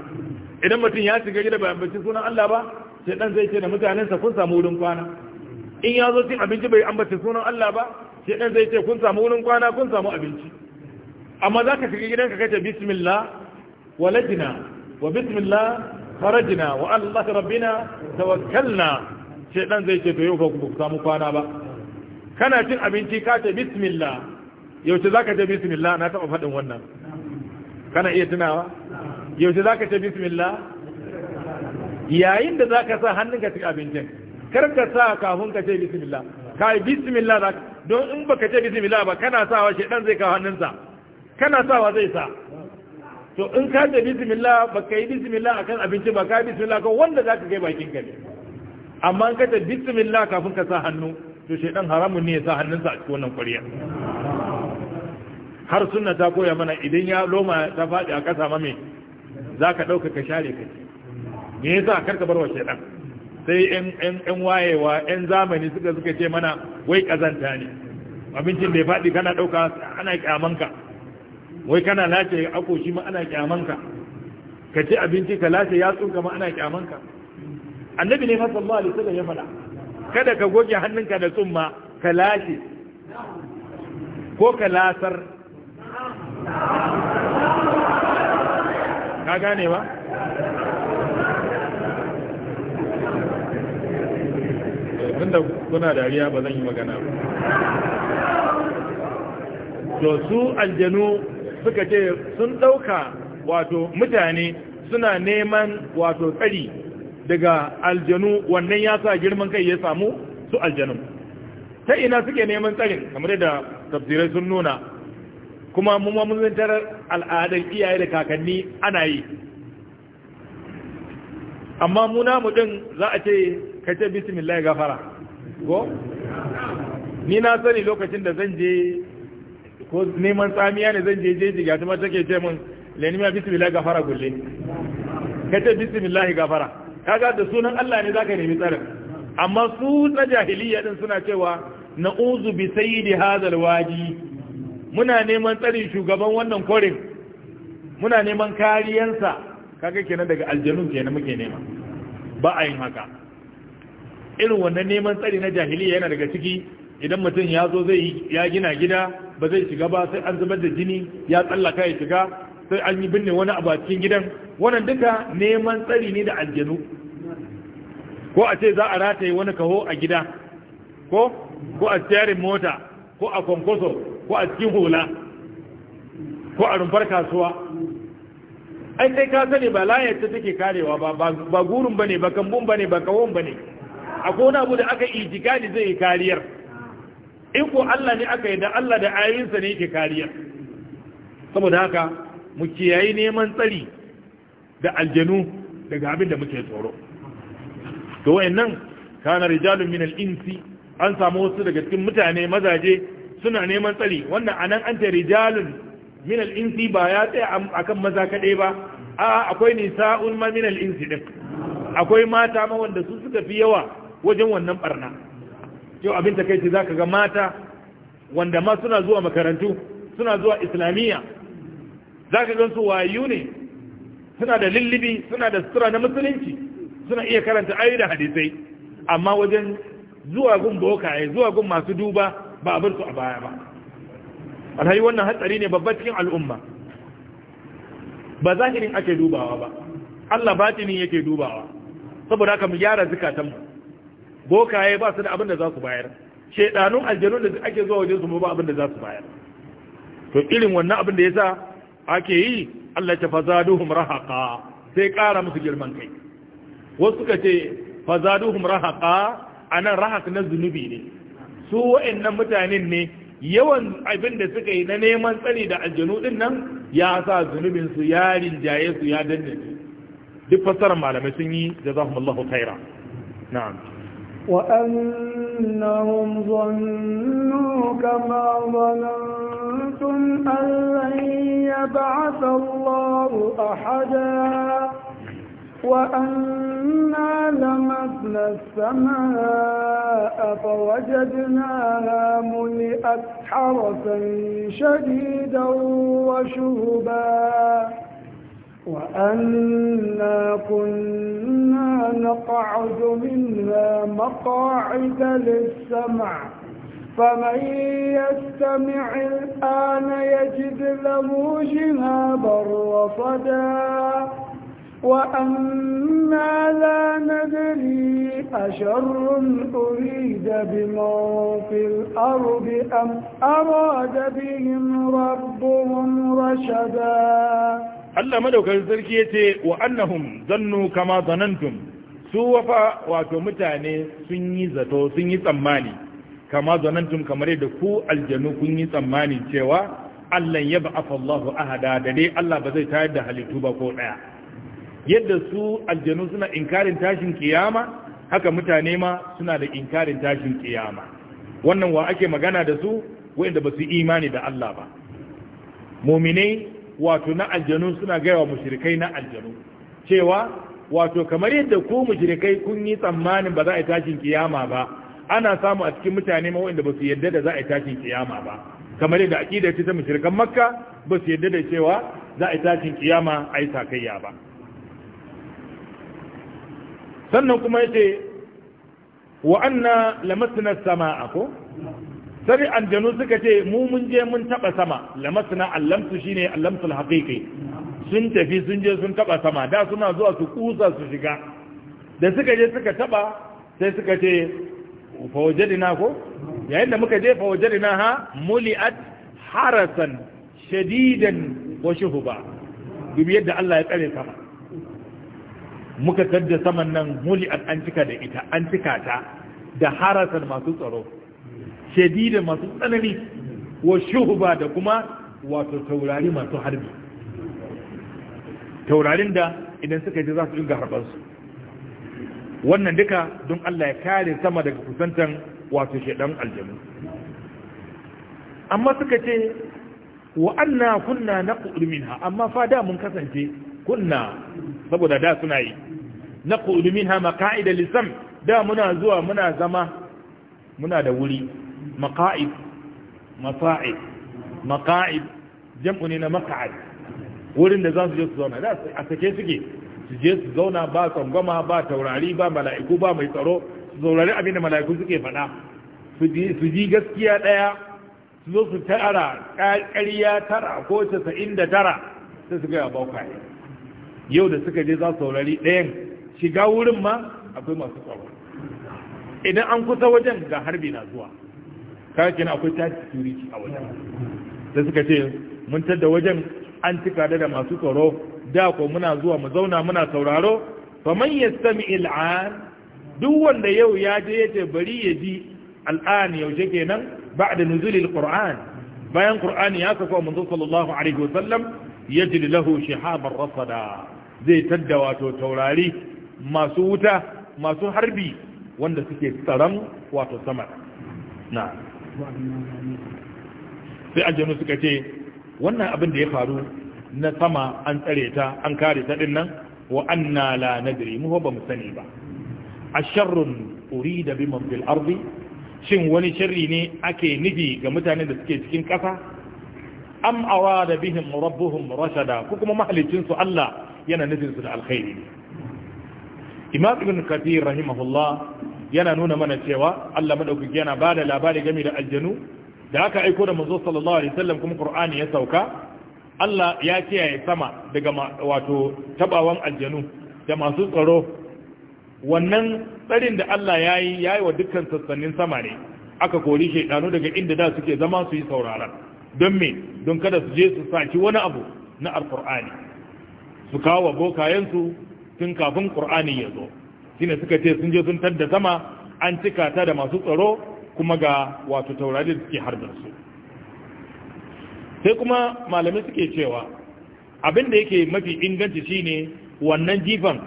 idan mutum ya shiga gida bai ambaci sunan Allah ba sai dan zai ce da sa kun samu wurin kwana in ya zo cin abinci bai ambaci sunan Allah ba shi ɗan zai ce kun samu wurin kwana kun samu abinci amma za ka shiga gidanka kace bismillah walajina wa bismillah farajina wa allah rabbina tawakkalna shi ɗan zai ce to yau ku samu kwana ba kana cin abinci ka ce bismillah yaushe za ka ce bismillah na taɓa faɗin wannan kana iya tunawa yaushe za ka ce bismillah yayin da za ka sa hannunka cikin abincin kar ka sa kafin ka ce bismillah kai bismillah da don in baka ce bismillah ba kana sawa shedan zai kawo hannunsa kana sawa zai sa to in ka ce bismillah baka yi bismillah akan abinci ba ka yi bismillah kan wanda zaka kai bakin ka ne amma in ka ce bismillah kafin ka sa hannu to shedan haramun ne ya sa hannunsa a cikin wannan ƙwarya har sunna ta koya mana idan ya loma ta fadi a ƙasa mame za ka ɗauka ka share ka ce me yasa kar ka bar wa shedan sai yan wayewa yan zamani suka suka ce mana wai kazanta ne abincin da ya faɗi kana ɗauka ana kyamanka wai kana lace akoshi ma ana kyamanka ka ci abinci ka lace ya tsunka ma ana kyamanka annabi ne sallallahu alaihi da ya faɗa kada ka goge hannunka da ma ka lace ko ka lasar ka gane ba tunda kuna dariya ba zan yi magana ba to su aljanu suka ce sun ɗauka wato mutane suna neman wato tsari daga aljanu wannan ya sa girman kai ya samu su aljanu ta ina suke neman tsarin kamar da tafsirai sun nuna kuma mumma mun al'adar iyaye da kakanni ana yi amma muna mu din za a ce ka ce bismillah gafara ko ni na sani lokacin da zan je ko neman tsamiya ne zan je je jiga ta take ce min lenima bismillah gafara gulle kace bismillah gafara kaga da sunan Allah ne zaka nemi tsarin amma su na jahiliya din suna cewa na'uzu bi sayyidi hadal waji. muna neman tsarin shugaban wannan korin muna neman kariyansa kaga kenan daga aljanun kenan muke nema ba a yin haka irin wannan neman tsari na jahiliya yana daga ciki idan mutum ya zo zai ya gina gida ba zai shiga ba sai an zubar da jini ya tsallaka ya shiga sai an yi binne wani abu a cikin gidan wannan duka neman tsari ne da aljanu ko a ce za a rataye wani kaho a gida ko ko a tsayarin mota ko a kwankwaso ko a cikin hula ko a rumfar kasuwa an dai ka sani ba layar ta take karewa ba ba gurun bane ba kambun bane ba kawon bane akwai wani abu da aka itikadi zai yi kariyar in ko Allah ne aka yi da Allah da ayoyinsa ne yake kariyar saboda haka mu kiyayi neman tsari da aljanu daga abin da muke tsoro to wayannan kana rijalun min al-insi an samu wasu daga cikin mutane mazaje suna neman tsari wannan anan an ta rijalun min al-insi ba ya tsaya akan maza kaɗai ba a akwai nisa'un ma min al-insi din akwai mata ma wanda su suka fi yawa wajen wannan barna yau abin ta kai ce za ka ga mata wanda ma suna zuwa makarantu suna zuwa islamiyya za ka gan su wayu ne suna da lullubi suna da sutura na musulunci suna iya karanta ayoyi da hadisai amma wajen zuwa gun bokaye zuwa gun masu duba ba abin su a baya ba alhari wannan hatsari ne babba cikin al'umma ba zahirin ake dubawa ba Allah batini yake dubawa saboda haka mu gyara zukatanmu bokaye ba su da abin da za su bayar shedanun aljanun da ake zuwa wajen su ba abin da za su bayar to irin wannan abin da yasa ake yi Allah ta fazaduhum rahaqa sai ƙara musu girman kai wasu suka ce fazaduhum rahaqa anan rahaq na zunubi ne su wa'annan mutanen ne yawan abin da suka yi na neman tsari da aljanu din nan ya sa zunubin su ya rinjaye su ya danne duk fasarar malamai sun yi jazakumullahu khaira na'am وأنهم ظنوا كما ظننتم أن لن يبعث الله أحدا وأنا لمسنا السماء فوجدناها ملئت حرسا شديدا وشهبا وأنا كنا نقعد منها مقاعد للسمع فمن يستمع الآن يجد له جهابا رصدا وأنا لا ندري أشر أريد بمن في الأرض أم أراد بهم ربهم رشدا Allah madaukar sarki ya yace wa annahum zannu kama zanantum su wafa wato mutane sun yi zato sun yi tsammani kama zanantum kamar yadda ku aljanu kun yi tsammani cewa Allah ya ba'afa Allahu ahada da dai Allah ba zai tayar da halittu ba ko daya yadda su aljanu suna inkarin tashin kiyama haka mutane ma suna da inkarin tashin kiyama wannan wa ake magana da su wanda ba su imani da Allah ba muminai wato na aljanu suna gaya wa mushrikai na aljanu cewa wato kamar yadda ku mushrikai kun yi tsammanin ba za a tashin kiyama ba ana samu a cikin mutane ma wanda ba su yadda da za a tashin kiyama ba kamar yadda aqida ta ta mushrikan makka ba su yadda da cewa za a tashin kiyama a yi sakayya ba sannan kuma yace wa anna lamasna samaa ko sai aljanu suka ce mu mun je mun taba sama lamasna allamtu shine allamtu alhaqiqi sun tafi sun je sun taba sama da suna zuwa su kusa su shiga da suka je suka taba sai suka ce fawajadina ko yayin da muka je fawajadina ha muli'at harasan shadidan wa shuhuba dubi yadda Allah ya tsare sama muka tadda saman nan muli'at an cika da ita an cika ta da harasan masu tsaro shadida masu tsanani wa shuhuba da kuma wato taurari masu harbi taurarin da idan suka ji za su dinga harbansu wannan duka don Allah ya kare sama daga kusantan wato shaɗan aljanu amma suka ce wa anna kunna naqul minha amma fa da mun kasance kunna saboda da suna yi naqul minha maqa'ida lisam da muna zuwa muna zama muna da wuri maqa'id masa'id maqa'id jam'u ne na maq'ad wurin da za su je su zauna a sake suke su je su zauna ba tsangwama ba taurari ba mala'iku ba mai tsaro su zaurari abin da mala'iku suke faɗa su ji gaskiya ɗaya su zo su tara ƙarya tara ko casa'in da tara sai su gaya baukaye yau da suka je za su saurari ɗayan shiga wurin ma akwai masu tsaro idan an kusa wajen ga harbi na zuwa kaga akwai tax security a wajen da suka ce mun tadda wajen an cika da masu tsaro da ko muna zuwa mu zauna muna sauraro faman yastami al'an duk wanda yau ya je ya ce bari ya ji al'an yaushe kenan ba'da al qur'an bayan qur'ani ya saka manzo sallallahu alaihi sallam yajli lahu shihaban rasada zai tadda wato taurari masu wuta masu harbi wanda suke tsaron wato sama na sai aljanu suka ce wannan abin da ya faru na sama an tsare ta an kare ta ɗin nan wa anna la nadri mu ba mu sani ba asharrun urida bi man ardi shin wani sharri ne ake nufi ga mutanen da suke cikin kasa am arada bihim rabbuhum rashada ko kuma mahalicin su Allah yana nufin su da alkhairi imam ibn kathir rahimahullah yana nuna mana cewa Allah madaukaki yana ba da labari game da aljanu da aka aiko da manzo sallallahu alaihi wasallam kuma Qur'ani ya sauka Allah ya kiyaye sama daga wato tabawan aljanu da masu tsaro wannan tsarin da Allah ya yi ya yi wa dukkan sassanin sama ne aka kori shaidanu daga inda da suke zama su yi sauraron don me don kada su je su saki wani abu na alkur'ani su kawo bokayensu tun kafin ƙur'ani ya zo shine suka ce sun je sun tadda zama an cika ta da masu tsaro kuma ga wato taurari da suke harbin su sai kuma malami suke cewa abin da yake mafi inganci shine wannan jifan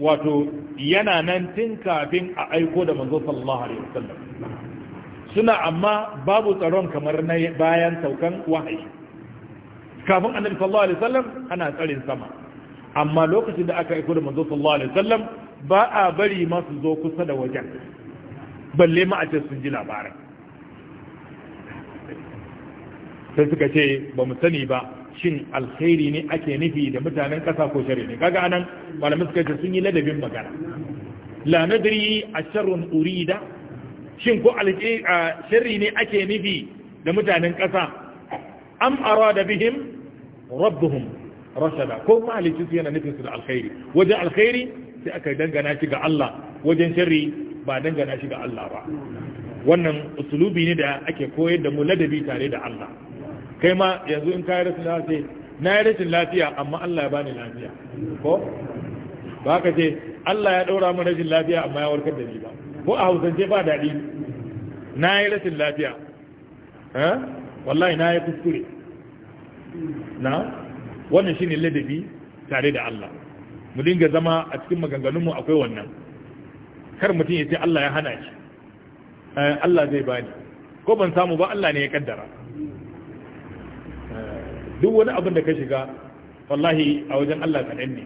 wato yana nan tun kafin a aiko da manzo sallallahu alaihi wasallam suna amma babu tsaron kamar na bayan saukan wahayi kafin annabi sallallahu alaihi wasallam ana tsarin sama amma lokacin da aka aiko da manzo sallallahu alaihi wasallam ba a bari masu zo kusa da wajen balle ma a ce sun ji labarin sai suka ce ba mu sani ba shin alkhairi ne ake nufi da mutanen ƙasa ko shari ne kaga anan malamai suka ce sun yi ladabin magana la nadri asharun urida shin ko alkhairi ne ake nufi da mutanen ƙasa am arada bihim rabbuhum rashada ko mahalicin su yana nufin su da alkhairi wajen alkhairi sai aka dangana shi ga Allah wajen sharri ba dangana shi ga Allah ba wannan usulubi ne da ake koyar da mu ladabi tare da Allah kai ma yanzu in ka rashin lafiya na yi rashin lafiya amma Allah ya bani lafiya ko ba ka ce Allah ya ɗaura mu rashin lafiya amma ya warkar da ni ba ko a hausance ba daɗi na yi rashin lafiya eh? wallahi na yi kuskure na wannan shine ladabi tare da Allah mu dinga zama a cikin maganganunmu akwai wannan kar mutum ya ce Allah ya hana shi eh, Allah zai bani ko ban samu ba Allah ne ya kaddara eh, duk wani abin da ka shiga wallahi a wajen Allah kaɗan ne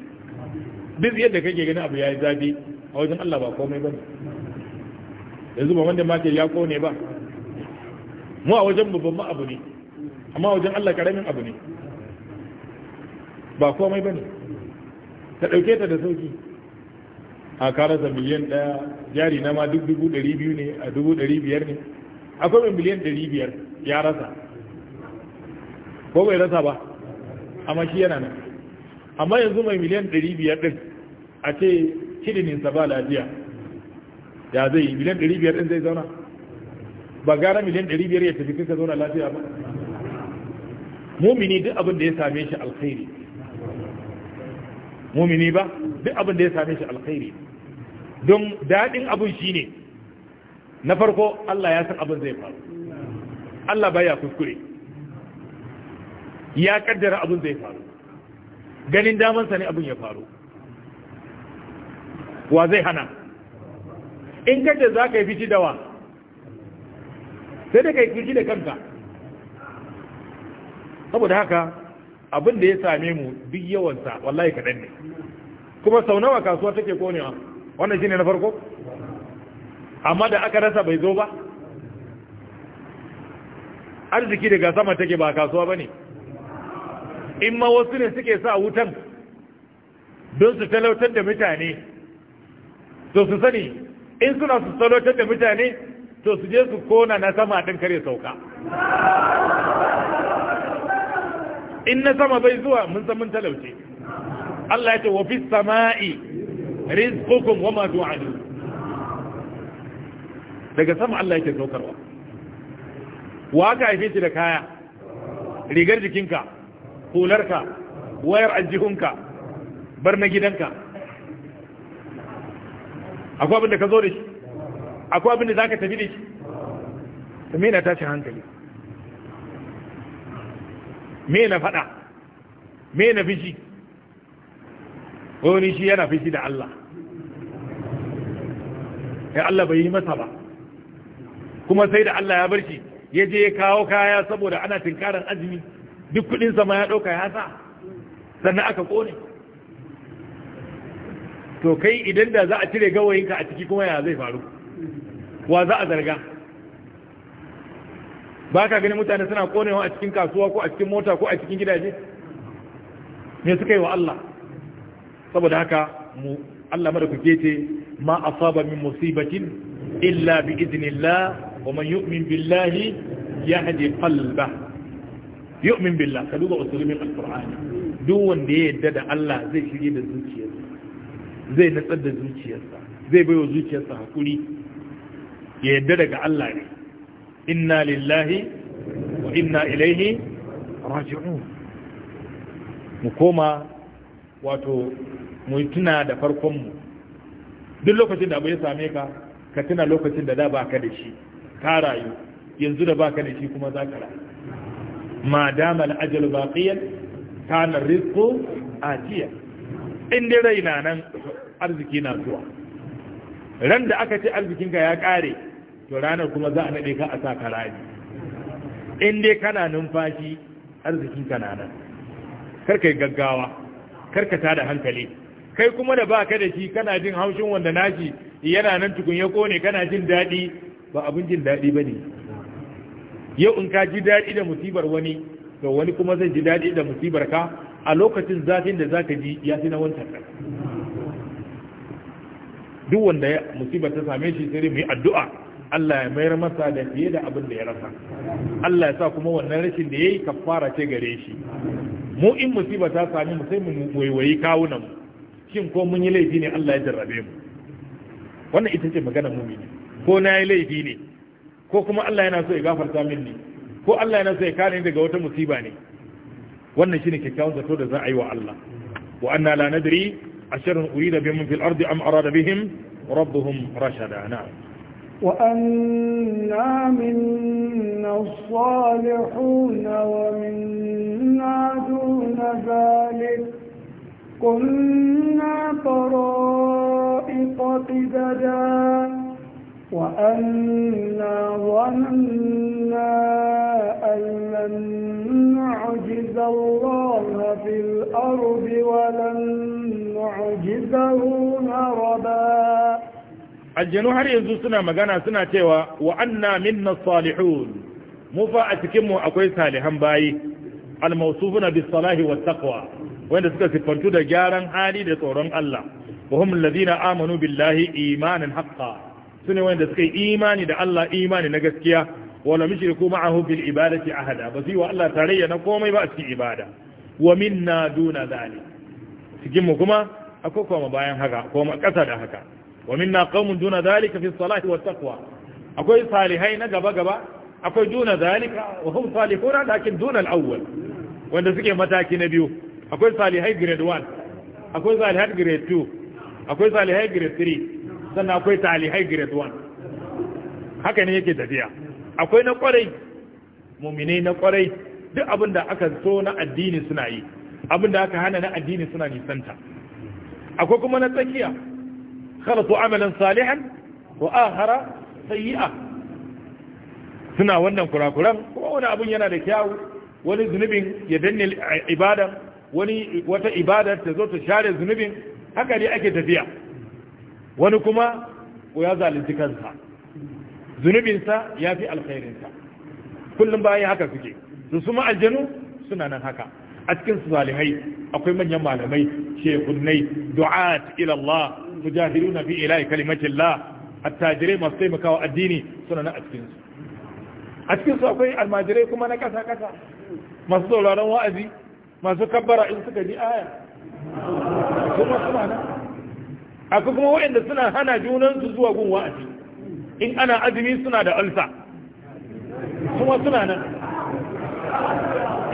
duk yadda kake gani abu ya yi zafi a wajen Allah ba komai ba ne yanzu ba wanda mace ya kone ba mu a wajen babban abu ne amma wajen Allah karamin abu ne ba komai ba ne ka ɗauke ta da sauki a karasa miliyan ɗaya jari na ma duk dubu ɗari biyu ne a dubu ɗari biyar ne akwai mai miliyan ɗari biyar ya rasa ko bai rasa ba amma shi yana nan amma yanzu mai miliyan ɗari biyar ɗin a ce kidininsa ba lafiya ya zai yi miliyan ɗari biyar ɗin zai zauna ba gara miliyan ɗari biyar ya tafi kanka zauna lafiya ba mumini duk abin da ya same shi alkhairi mumini ba duk abin da ya same shi alkhairi don daɗin abin shi ne na farko Allah ya san abin zai faru Allah baya kuskure ya kaddara abin zai faru ganin damansa ne abin ya faru wa zai hana in kaddar za ka yi fici dawa sai da ka yi fici da kanka saboda haka abin da ya same mu duk yawansa wallahi kaɗan ne kuma sau nawa kasuwa take konewa wannan shine na farko amma da aka rasa bai zo ba arziki daga sama take ba kasuwa ba ne in ma wasu ne suke sa wutan don su talautar da mutane to su sani in suna su talautar da mutane to su je su kona na sama ɗin kare sauka in na sama bai zuwa mun san mun talauce Allah ya ce wa fis sama'i rizqukum wa ma tu'adun daga sama Allah yake saukarwa wa ka haife shi da kaya rigar jikinka hularka wayar ajihunka bar na gidanka akwai abin da ka zo da shi akwai abin da za ka tafi da shi ta mena tashi hankali me na faɗa me na fishi wani shi yana fishi da Allah ya Allah bai yi masa ba kuma sai da Allah ya bar shi ya je ya kawo kaya saboda ana tinkarar azumi duk kudinsa ma ya ɗauka ya sa sannan aka kone to kai idan da za a cire gawayinka a ciki kuma ya zai faru wa za a zarga ba ka gani mutane suna konewa a cikin kasuwa ko a cikin mota ko a cikin gidaje me suka yi wa Allah saboda haka mu Allah madaukake ce ma asaba min musibatin illa bi idnillah wa man yu'min billahi yahdi qalba yu'min billah ka duba usulul alquran duk wanda ya yadda da Allah zai shirye da zuciyarsa zai natsar da zuciyarsa zai baiwa zuciyarsa hakuri ya yadda daga Allah ne inna lillahi wa inna ilaihi raji'un mu koma wato mu tuna da farkon duk lokacin da abu ya same ka ka tuna lokacin da da ka da shi ka rayu yanzu da ba ka da shi kuma za ka rayu ma dama al'ajal baqiyan kana rizqu ajiya in dai rai na nan arziki na zuwa ran da aka ce arzikinka ya kare to ranar kuma za a nade ka a sa ka in dai kana numfashi arzikin ka nan kar kai gaggawa kar ka tada hankali kai kuma da baka da shi kana jin haushin wanda nashi yana nan tukun ya kone kana jin daɗi ba abin jin daɗi ba ne yau in ka ji daɗi da musibar wani to wani kuma zai ji daɗi da musibar ka a lokacin zafin da zaka ji ya fi na wancan duk wanda musibar ta same shi sai mu yi addu'a Allah ya mayar masa da fiye da abin da ya rasa Allah ya sa kuma wannan rashin da ya yi kafara ce gare shi mu in musiba ta sami mu sai mu waiwayi kawunan mu shin ko mun yi laifi ne Allah ya jarrabe mu wannan ita ce magana mumini ko na yi laifi ne ko kuma Allah yana so ya gafarta min ne ko Allah yana so ya kare ni daga wata musiba ne wannan shine kyakkyawan zato da za a yi wa Allah wa anna la nadri asharun urida bihim fil ardi am arada bihim rabbuhum rashada na'am وأنا منا الصالحون ومنا دون ذلك كنا طرائق قددا وأنا ظننا أن لن نعجز الله في الأرض ولن نعجزه هربا aljanu har yanzu suna magana suna cewa wa anna minna salihun mu fa a cikin mu akwai salihan bayi almawsufuna bis salahi wat taqwa wanda suka sifantu da gyaran hali da tsoron Allah wa hum alladhina amanu billahi imanan haqqan sune wanda suka yi imani da Allah imani na gaskiya wala mushriku ma'ahu bil ibadati ahada ba wa Allah tarayya na komai ba a cikin ibada wa minna duna dhalik cikin mu kuma akwai kuma bayan haka kuma kasa da haka wa minna qaumun duna zalika fi salati wa taqwa akwai salihai na gaba gaba akwai duna zalika wa hum salihuna lakin duna al-awwal wanda suke mataki na biyu akwai salihai grade 1 akwai salihai grade 2 akwai salihai grade 3 sannan akwai salihai grade 1 haka ne yake tafiya akwai na kwarai Muminai na kwarai duk abin da aka so na addini suna yi abin da aka hana na addini suna nisanta akwai kuma na tsakiya khalatu amalan salihan wa akhara sayyi'a suna wannan kurakuran kuma wani abun yana da kyau wani zunubin ya danne ibada wani wata ibada ta zo ta share zunubin haka ne ake tafiya wani kuma ya zalunci kansa zunubinsa ya fi alkhairinsa kullum bayan haka suke Susuma suma aljanu suna nan haka a cikin zalihai akwai manyan malamai shekunnai du'at ila Allah mujahiduna fi ilahi kalimatillah attajirai masu taimakawa addini suna na a cikin su a cikin su akwai almajirai kuma na kasa kasa masu sauraron wa'azi masu kabbara in suka ji aya kuma suna na akwai kuma waɗanda suna hana su zuwa gun wa'azi in ana azumi suna da alsa kuma suna na?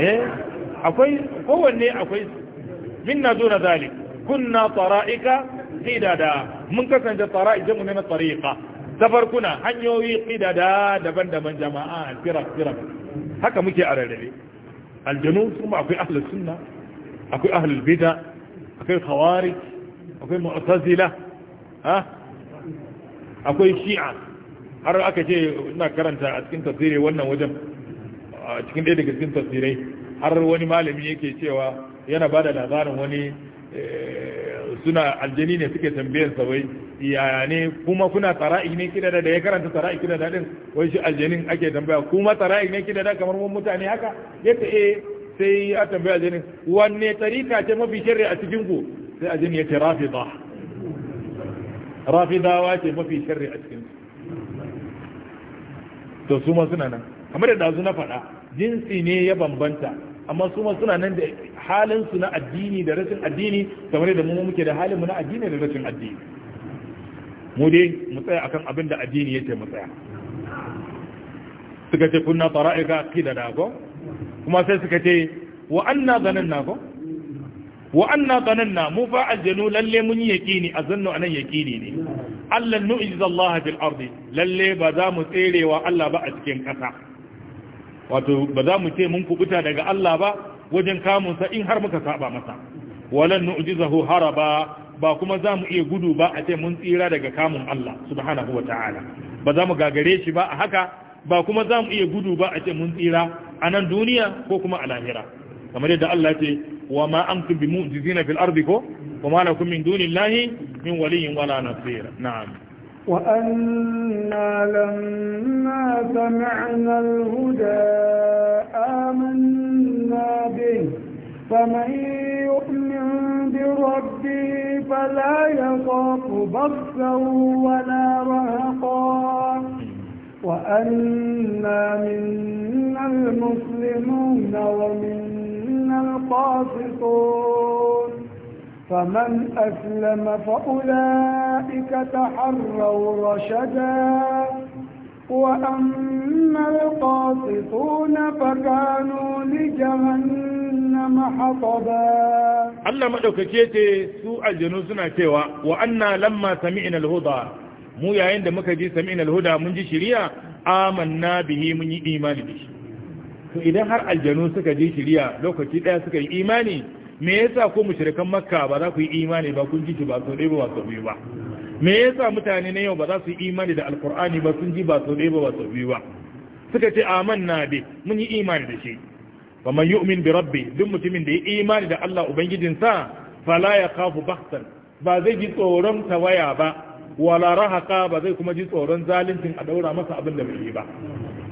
eh akwai kowanne akwai min na zura zalik kunna tsara'ika qidada mun kasance tsara'i jamu ne na ta farkuna hanyoyi qidada daban-daban jama'a firak firak haka muke a rarrabe aljanu kuma akwai ahlus sunna akwai ahlul bid'a akwai khawarij akwai mu'tazila ha akwai shi'a har aka ce ina karanta a cikin tafsiri wannan wajen a cikin ɗaya daga cikin tasirai. har wani malami yake cewa yana ba da labarin wani eh, suna aljani ne suke tambayar sa wai yaya ne kuma kuna tsara'i ne kidada da ya karanta tsara'i da din wai shi aljanin ake tambaya kuma tsara'i ne da kamar mun mutane haka yadda eh sai ya tambaya aljanin wanne tarika ce mafi shirri a cikin ku sai aljani ya ce rafida rafidawa ce mafi shirri a cikin to su ma suna nan kamar da dazu na faɗa jinsi ne ya bambanta amma su suna nan da halin su na addini da rashin addini kamar da mu muke da halin mu na addini da rashin addini mu dai mu tsaya akan abin da addini yake mu tsaya suka ce kunna tara'ika da ko kuma sai suka ce wa anna zananna ko wa anna zananna mu fa aljanu lalle mun yi yaqini azannu anan yaqini ne allan nu'izza Allah fil ardi lalle ba za mu tserewa Allah ba a cikin kasa wato ba za mu ce mun kubuta daga Allah ba wajen kamun in har muka saba masa walan nu'jizahu haraba ba kuma za mu iya gudu ba a ce mun tsira daga kamun Allah subhanahu wata'ala ba za mu gagare shi ba a haka ba kuma za mu iya gudu ba a ce mun tsira a nan duniya ko kuma a lahira kamar yadda Allah ce wa ma antum bi mu'jizina fil ardi ko wa ma lakum min dunillahi min waliyyin wala na'am وأنا لما سمعنا الهدى آمنا به فمن يؤمن بربه فلا يخاف بخسا ولا رهقا وأنا منا المسلمون ومنا القاسطون فمن أسلم فأولئك تحروا رشدا وأما القاسطون فكانوا لجهنم حطبا Allah maɗaukake ce su aljanu suna cewa wa anna lamma sami'in alhuda mu yayin da muka ji sami'in alhuda mun ji shiriya amanna bihi mun yi imani da shi to idan har aljanu suka ji shiriya lokaci ɗaya suka yi imani me yasa ko mushrikan makka ba za ku yi imani ba kun ji ba so ɗaya ba so biyu ba me yasa mutane na yau ba za su yi imani da alkur'ani ba sun ji ba so ɗaya ba so biyu ba suka ce amanna bi mun yi imani da shi fa man yu'min bi rabbi duk mutumin da ya imani da Allah sa, fala ya khafu bahtan ba zai ji tsoron tawaya ba wala rahaka ba zai kuma ji tsoron zaluncin a daura masa abin da bai yi ba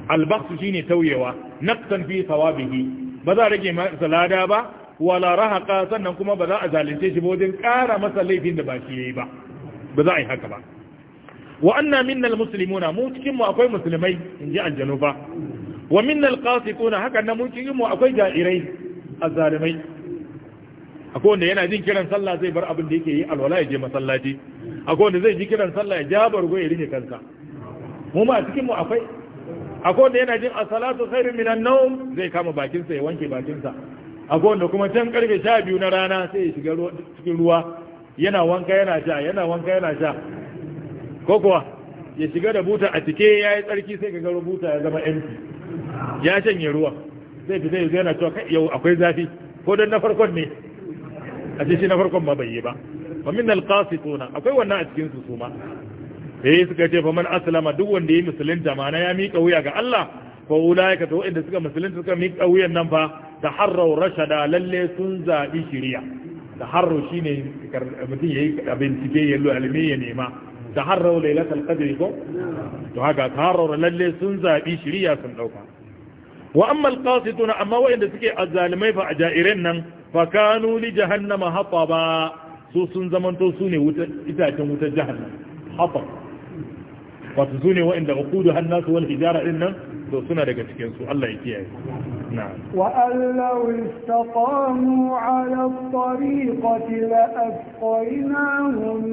albahtu shine tauyewa naqtan fi thawabihi ba za rage masa lada ba wala rahaka sannan kuma ba za a zalunce shi ba wajen kara masa laifin da ba yayi ba ba za a yi haka ba wa anna minnal muslimuna mu cikin mu akwai musulmai inji aljanu fa wa minnal qasituna haka nan mu cikin mu akwai ja'irai azalimai akwai wanda yana jin kiran sallah zai bar abin da yake yi alwala ya je masallaci akwai wanda zai ji kiran sallah ya jabar goye ya rike kansa mu ma cikin mu akwai akwai wanda yana jin as-salatu khairun minan nawm zai kama bakin sa ya wanke bakin sa A wanda kuma can karfe sha biyu na rana sai ya shiga cikin ruwa yana wanka yana sha yana wanka yana sha ko kuwa ya shiga da buta a cike ya yi tsarki sai ka garo buta ya zama empty ya shanye ruwa zai fita yanzu yana cewa yau akwai zafi ko don na farkon ne a shi na farkon ma bai yi ba fa min tona, akwai wannan a cikin su suma eh suka ce fa man aslama duk wanda ya musulunta ma na ya miƙa wuya ga Allah fa ulaika to waɗanda suka musulunta suka miƙa wuyan nan fa da taharraw rashada lalle sun zabi shiriya shi ne mutum ya yayi bincike ya alimi ya nema da taharraw lailatul qadri ko to haka taharraw lalle sun zaɓi shiriya sun dauka wa amma alqasituna amma waɗanda suke azzalimai fa a ja'irin nan fa kanu li jahannama ba su sun zamanto su ne itacen wutar jahannama hatab wato su ne wa'inda uqudu hannasu wani hijara ɗin nan to suna daga cikin su Allah ya kiyaye na'am wa allahu istaqamu ala tariqati la asqaynahum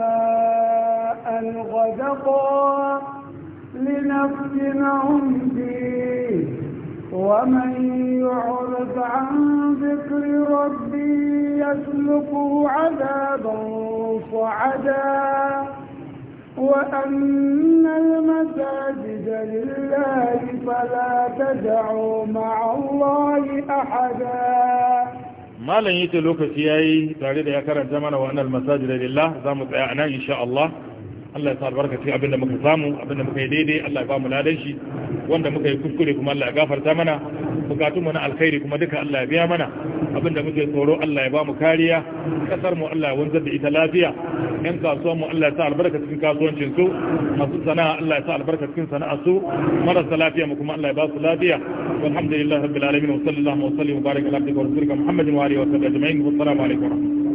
ma'an ghadaqa لنفتنهم فيه ومن يعرض عن ذكر ربي يسلكه عذابا صعدا وأن المساجد لله فلا تدعوا مع الله أحدا ما لن يتلوك سيئي تاريد يا كرم زمن وأن المساجد لله زمت أعنى إن شاء الله Allah ya sa albarka cikin abinda muka samu abinda muka yi daidai Allah ya ba mu ladan shi wanda muka yi kuskure kuma Allah ya gafarta mana bukatun mu na alkhairi kuma duka Allah ya biya mana abinda muke tsoro Allah ya ba mu kariya kasar mu Allah ya wanzar da ita lafiya yan kasuwan mu Allah ya sa albarka cikin kasuwancin su masu sana'a Allah ya sa albarka cikin sana'ar su marasa lafiya mu kuma Allah ya ba su lafiya walhamdulillahi rabbil alamin wa sallallahu wa sallim wa barik ala abdika wa rasulika muhammadin wa alihi wa sahbihi ajma'in wa assalamu alaikum